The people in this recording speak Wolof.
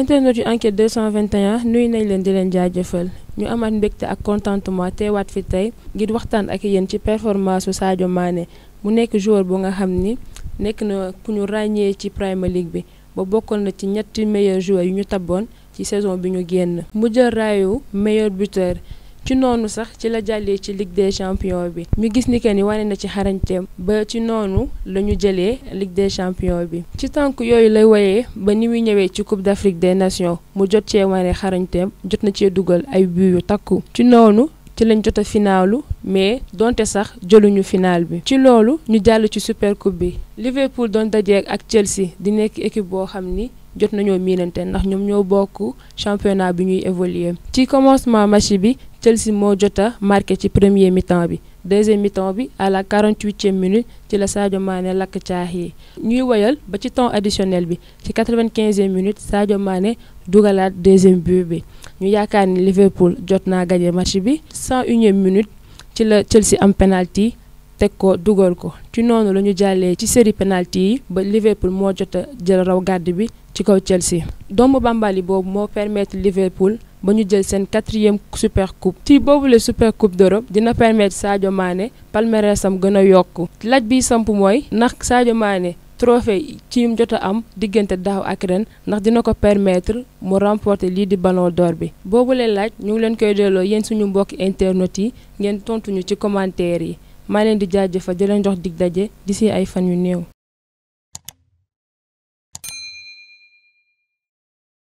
internet yu enquête 221 nuyu nañ leen di leen jaajëfal ñu amaat mbégte ak contentement teewaat fi tey ngir waxtaan ak yéen ci performance su Sadio Mané mu nekk joueur bu nga xam ni nekk na ku ñu ràññee ci Premier League bi ba bokkoon na ci ñetti meilleurs joueurs yu ñu taboon ci saison bi ñu génn mu jël raayu meilleur buteur. ci noonu sax ci la jàllee ci Ligue des champions bi mu gis ni que ni wane na ci xarañteem ba ci noonu la ñu jëlee Ligue des bi ci tànk yooyu lay woyee ba ni muy ñëwee ci Coupe d'Afrique de nation mu jot cee wane xarañteem jot na cee dugal ay but yu takku ci noonu ci lañ jot a finaalu mais donte sax jëluñu final bi ci loolu ñu jàll ci super coupe bi Liverpool doon dajeek ak Chelsea di nekk équipe boo xam ni jot nañoo miinante ndax ñoom ñoo bokk championnat bi ñuy évoluer ci commencement match bi Chelsea moo jot a marqué ci premier mi bi deuxième mi bi à la 48e minute ci la Sadio Mané lakk caax yi ñuy woyal ba ci temps additionnel bi ci 95e minute Sadio Mané dugalaat deuxième but bi ñu yaakaar ni Liverpool jot naa gagné match bi 101e minute ci la Chelsea am penalty teg ko dugal ko ci noonu la ñu jàllee ci série penalty yi ba Liverpool moo jot a jël raw gàdd bi ci kaw Chelsea. doomu Bambali boobu moo permettre Liverpool ba ñu jël seen quatrième super coupe ci boobule super coupe dina permettre Sadio Mané palmarèsam gën a yokk laaj bi samp mooy ndax saajo maane trophée ci mu jot a am diggante daaw ak ren ndax dina ko permettre mu remporter lii di ballon door bi boobu lee laaj ñu ngi leen koy delloo yéen suñu mbokki internet yi ngeen tontuñu ci commentaire yi. maa leen di jaajëfal di leen jox dig daje di d'ici ay fan yu néew.